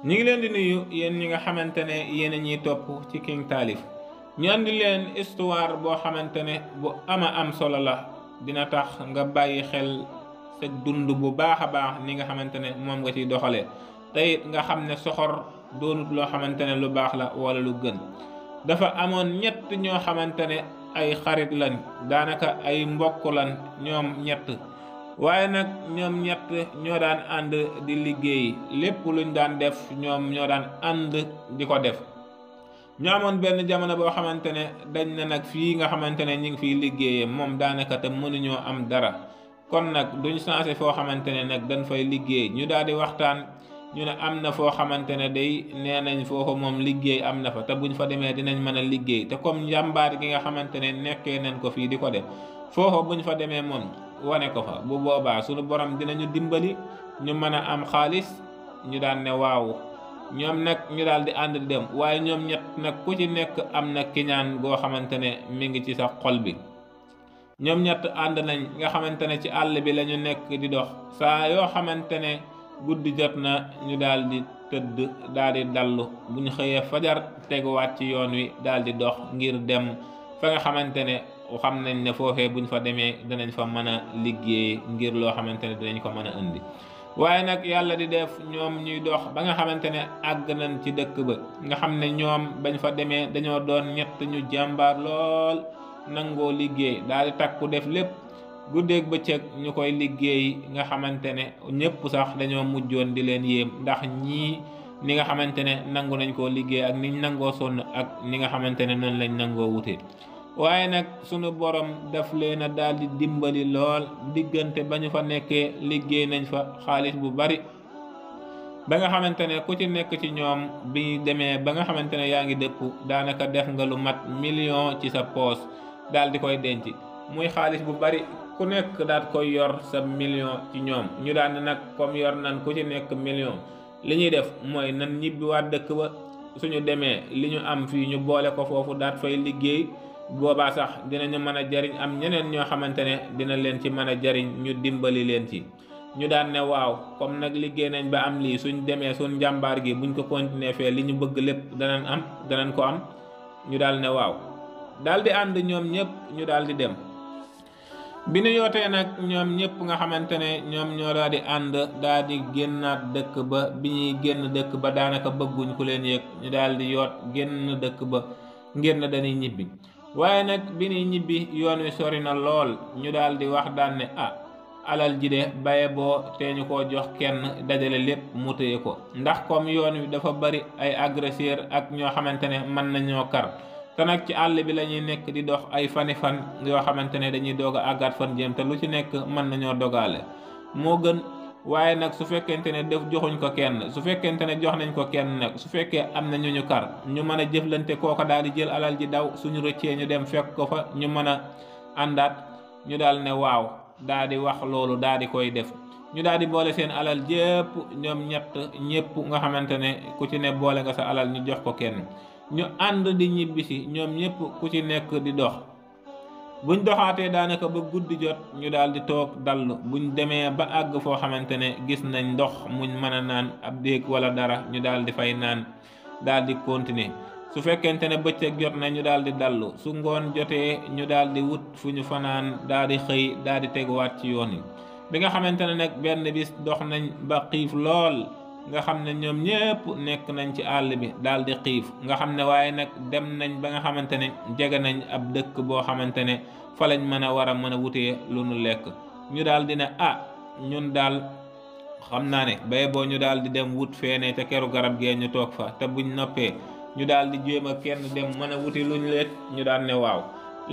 ñu ngi leen di nuyu yéen ñi nga xamante ne yéen a ñuy topp ci King Taalif ñu andi leen histoire boo xamante ne bu ama am solo la dina tax nga bàyyi xel sa dund bu baax a baax ni nga xamante ne moom nga ciy doxalee te nga xam ne soxor doonut loo xamante ne lu baax la wala lu gën dafa amoon ñett ñoo xamante ne ay xarit lañ daanaka ay mbokk lañ ñoom ñett waaye nag ñoom ñett ñoo daan ànd di liggéey lépp luñ daan def ñoom ñoo daan ànd di ko def ñu amoon benn jamono boo xamante ne dañ na nag fii nga xamante ne ñu ngi fiy liggéeyee moom daanaka te mënuñoo am dara kon nag duñ changé foo xamante ne nag dañ fay liggéey ñu daal di waxtaan ñu ne am na foo xamante ne day nee nañ foofu moom liggéey am na fa te bu ñu fa demee dinañ mën a liggéey te comme njàmbaar gi nga xamante ne nekkee nañ ko fii di ko def foofu fa demee moom wane ko fa bu boobaa sunu boroom dinañu dimbali ñu mën a am xaalis ñu daan ne waaw ñoom nag ñu daal di ànd dem waaye ñoom ñett nag ku ci nekk am na kiñaan goo xamante ne mi ngi ci sax xol bi ñoom ñett ànd nañ nga xamante ne ci àll bi lañu nekk di dox saa yoo xamante ne guddi jot na ñu daal di tëdd daal di dallu bu ñu xëyee fajar teguwaat ci yoon wi daal di dox ngir dem fa nga xamante ne xam nañ ne bu ñu fa demee danañ fa mën a liggéey ngir loo xamante ne dinañ ko mën a indi waaye nag yàlla di def ñoom ñuy dox ba nga xamante ne àgg nañ ci dëkk ba nga xam ne ñoom bañ fa demee dañoo doon ñett ñu jàmbaar lool nangoo liggéey daal di takku def lépp guddeeg bëccëg ñu koy liggéey nga xamante ne ñëpp sax dañoo mujjoon di leen yéem ndax ñii ni nga xamante ne nangu nañ ko liggéey ak niñ nangoo sonn ak ni nga xamante ne noonu lañ nangoo wute waaye nag sunu borom daf leen a daal di dimbali lool diggante ba ñu fa nekkee liggéey nañ fa xaalis bu bari ba nga xamante ne ku ci nekk ci ñoom bi demee ba nga xamante ne yaa ngi dëkku daanaka def nga lu mat million ci sa poos daal di koy denc muy xaalis bu bari ku nekk daal koy yor sa million ci ñoom ñu daan nag comme yor nan ku ci nekk million li ñuy def mooy nan ñibbi waat dëkk ba suñu demee li ñu am fii ñu boole ko foofu daat fay liggéey boobaa sax dinañu mën a jariñ am ñeneen ñoo xamante ne dina leen ci mën a jariñ ñu dimbali leen ci ñu daan ne waaw comme nag liggéey nañ ba am lii suñ demee suñ njàmbaar gi buñ ko continuer fee li ñu bëgg lépp danañ am danañ ko am ñu daal ne waaw daal di ànd ñoom ñëpp ñu daal di dem bi ñu yootee nag ñoom ñëpp nga xamante ne ñoom ñoo daal di ànd daal di génnaat dëkk ba bi ñuy génn dëkk ba daanaka bëgguñ ku leen yéeg ñu daal di yoot génn dëkk ba ngir na dañuy ñibbi waaye nag bi ñuy ñibbi yoon wi sori na lool ñu daal di wax daan ne ah alal ji de baye boo tee ñu koo jox kenn dajale lépp mu téye ko ndax comme yoon wi dafa bari ay agresseur ak ñoo xamante ne mën nañoo kar te nag ci àll bi lañuy nekk di dox ay fani fan yoo xamante ne dañuy doog a àggaat fan jéem te lu ci nekk mën nañoo dogale moo gën waaye nag su fekkente ne def joxuñ ko kenn su fekkente ne jox nañ ko kenn nag su fekkee am na ñu ñu kar ñu mën a jëflante kooka daal di jël alal ji daw suñu rëccee ñu dem fekk ko fa ñu mën a àndaat ñu daal ne waaw daal di wax loolu daal di koy def ñu daal di boole seen alal jépp ñoom ñett ñépp nga xamante ne ku ci ne boole nga sa alal ñu jox ko kenn ñu ànd di ñibbisi ñoom ñépp ku ci nekk di dox buñ doxaatee daanaka ba guddi jot ñu daal di toog dallu ñu demee ba àgg foo xamante ne gis nañ ndox muñ mën a naan ab déeg wala dara ñu daal di fay naan daal di continuer su fekkente ne bëccëg jot na ñu daal di dallu su ngoon jotee ñu daal di wut fu ñu fanaan daal di xëy daal di teguwaat ci yoon yi bi nga xamante ne nag benn bis dox nañu ba xiif lool nga xam ne ñoom ñëpp nekk nañ ci àll bi daal di xiif nga xam ne waaye nag dem nañ ba nga xamante ne jege nañ ab dëkk boo xamante ne fa lañ mën a war a mën a wutee lu ñu lekk ñu daal di ne ah ñun daal xam naa ne bay boo ñu daal di dem wut fee feene ca keru garab gee ñu toog fa te buñ noppee ñu daal di jéem a kenn dem mën a wuti lu ñu lekk ñu daal ne waaw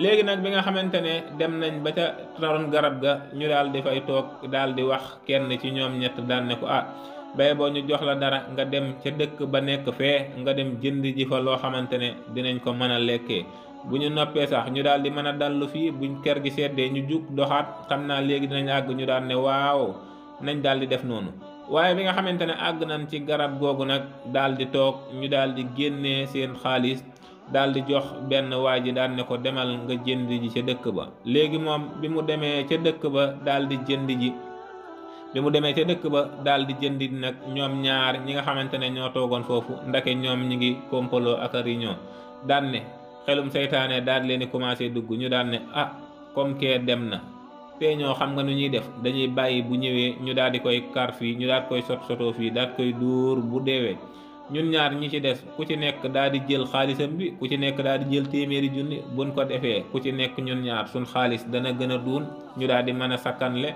léegi nag bi nga xamante ne dem nañ ba ca taroon garab ga ñu daal di fay toog daal di wax kenn ci ñoom ñett daan ne ko ah, bay boo ñu jox la dara nga dem ca dëkk ba nekk fee nga dem jënd ji fa loo xamante ne dinañ ko mën a lekkee bu ñu noppee sax ñu daal di mën a dallu fii buñ kër gi seddee ñu jug doxaat xam naa léegi dinañ àgg ñu daan ne waaw nañ daal di def noonu waaye bi nga xamante ne àgg nañ ci garab googu nag daldi toog ñu daal di génnee seen xaalis daldi jox benn waa ji daal ne ko demal nga jënd ji ca dëkk ba léegi moom bi mu demee ca dëkk ba daldi di jënd ji bi mu demee ca dëkk ba daal di jëndi nag ñoom ñaar ñi nga xamante ne ñoo toogoon foofu ndake ñoom ñi ngi kompaloo ak réunion daan ne xelum seytaane daal leen di commencé dugg ñu daan ne ah comme dem na te ñoo xam nga nu ñuy def dañuy bàyyi bu ñëwee ñu daal di koy kar fii ñu daal koy sot sotoo fii daal koy dóor bu deewee ñun ñaar ñi ci des ku ci nekk daal di jël xaalisam bi ku ci nekk daal di jël téeméeri junni buñ ko defee ku ci nekk ñun ñaar suñ xaalis dana gën a duun ñu daal di mën a sakkanle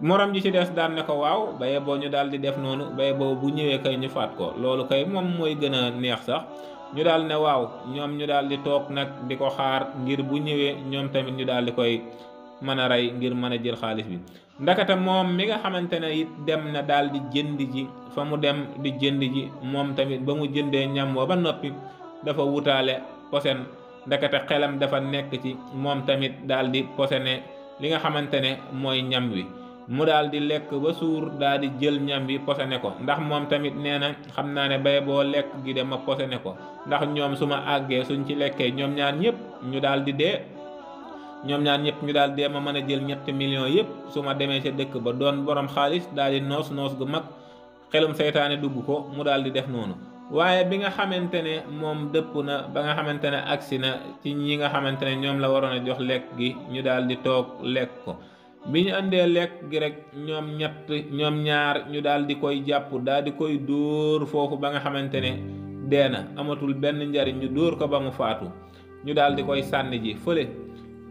morom ji ci des daan ne ko waaw baye boo ñu daal di def noonu baye boo bu ñëwee kay ñu faat ko loolu kay moom mooy gën a neex sax ñu daal ne waaw ñoom ñu daal di toog nag di ko xaar ngir bu ñëwee ñoom tamit ñu daal di koy mën a rey ngir mën a jël xaalis bi ndakate moom mi nga xamante ne it dem na daal di jënd ji fa mu dem di jënd ji moom tamit ba mu jëndee ñam wa ba noppi dafa wutaale posen ndakate xelam dafa nekk ci moom tamit daal di posene li nga xamante ne mooy ñam wi mu daal di lekk ba suur daal di jël ñam bi posone ko ndax moom tamit nee na xam naa ne bay boo lekk gi de ma posone ko ndax ñoom su ma àggee suñu ci lekkee ñoom ñaan ñëpp ñu daal di dee ñoom ñaan ñëpp ñu daal dee ma mën a jël ñetti millions yëpp su ma demee ca dëkk ba doon boroom xaalis daal noos noos gu mag xelum seytaane dugg ko mu daal di def noonu waaye bi nga xamante ne moom dëpp na ba nga xamante ne agsi na ci ñi nga xamante ne ñoom la waroon a jox lekk gi ñu daal di toog lekk ko bi ñu indee lekk gi rekk ñoom ñett ñoom ñaar ñu daal di koy jàpp daal di koy dóor foofu ba nga xamante ne dee na amatul benn njariñ ñu dóor ko ba mu faatu ñu daal di koy sànni ji fële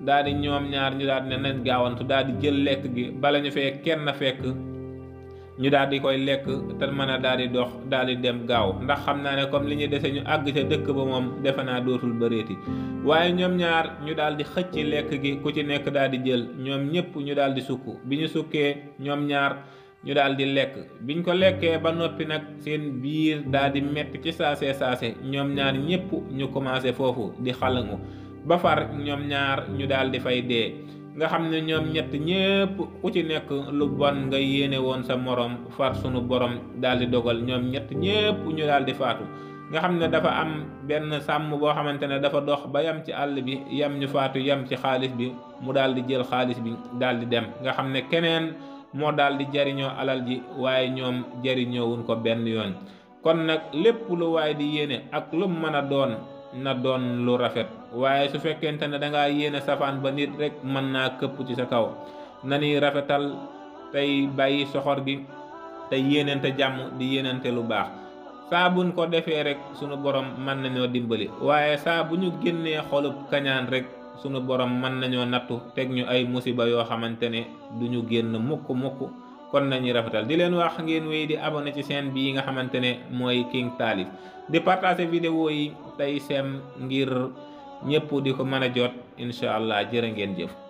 daal di ñoom ñaar ñu daal di ne gaawantu daal di jël lekk gi bala ñu fee kenn fekk ñu daal di koy lekk te mën a daal di dox daal di dem gaaw ndax xam naa ne comme li ñu dese ñu àgg ca dëkk ba moom defe naa dootul bëreeti waaye ñoom ñaar ñu daal di xëcc lekk gi ku ci nekk daal di jël ñoom ñëpp ñu daal di sukk bi ñu sukkee ñoom ñaar ñu daal di lekk biñ ko lekkee ba noppi nag seen biir daal di metti ci saase saase ñoom ñaar ñëpp ñu commencé foofu di xalangu ba ñoom ñaar ñu daal di fay dee nga xam ne ñoom ñett ñépp ku ci nekk lu bon nga yéene woon sa moroom far sunu boroom daal di dogal ñoom ñett ñépp ñu daal di faatu nga xam ne dafa am benn sàmm boo xamante ne dafa dox ba yam ci àll bi yam ñu faatu yam ci xaalis bi mu daal di jël xaalis bi daal di dem nga xam ne keneen moo daal di jariñoo alal ji waaye ñoom jariñoowuñ ko benn yoon kon nag lépp lu waay di yéene ak lu mën a doon na doon lu rafet waaye su fekkente ne dangaa yéene safaan ba nit rek mën naa këpp ci sa kaw na ni rafetal tey bàyyi soxor gi te yéenante jàmm di yéenante lu baax saa buñ ko defee rek sunu borom mën nañoo dimbali waaye saa bu ñu génnee xolub kañaan rek sunu borom mën nañoo nattu teg ñu ay musiba yoo xamante ne duñu génn mukk mukk kon nañu rafetal di leen wax ngeen wéy di abonné ci seen bii nga xamante ne mooy King Taalif di partager vidéo yi tey sem ngir ñëpp di ko mën a jot incha allah jërë ngeen jëf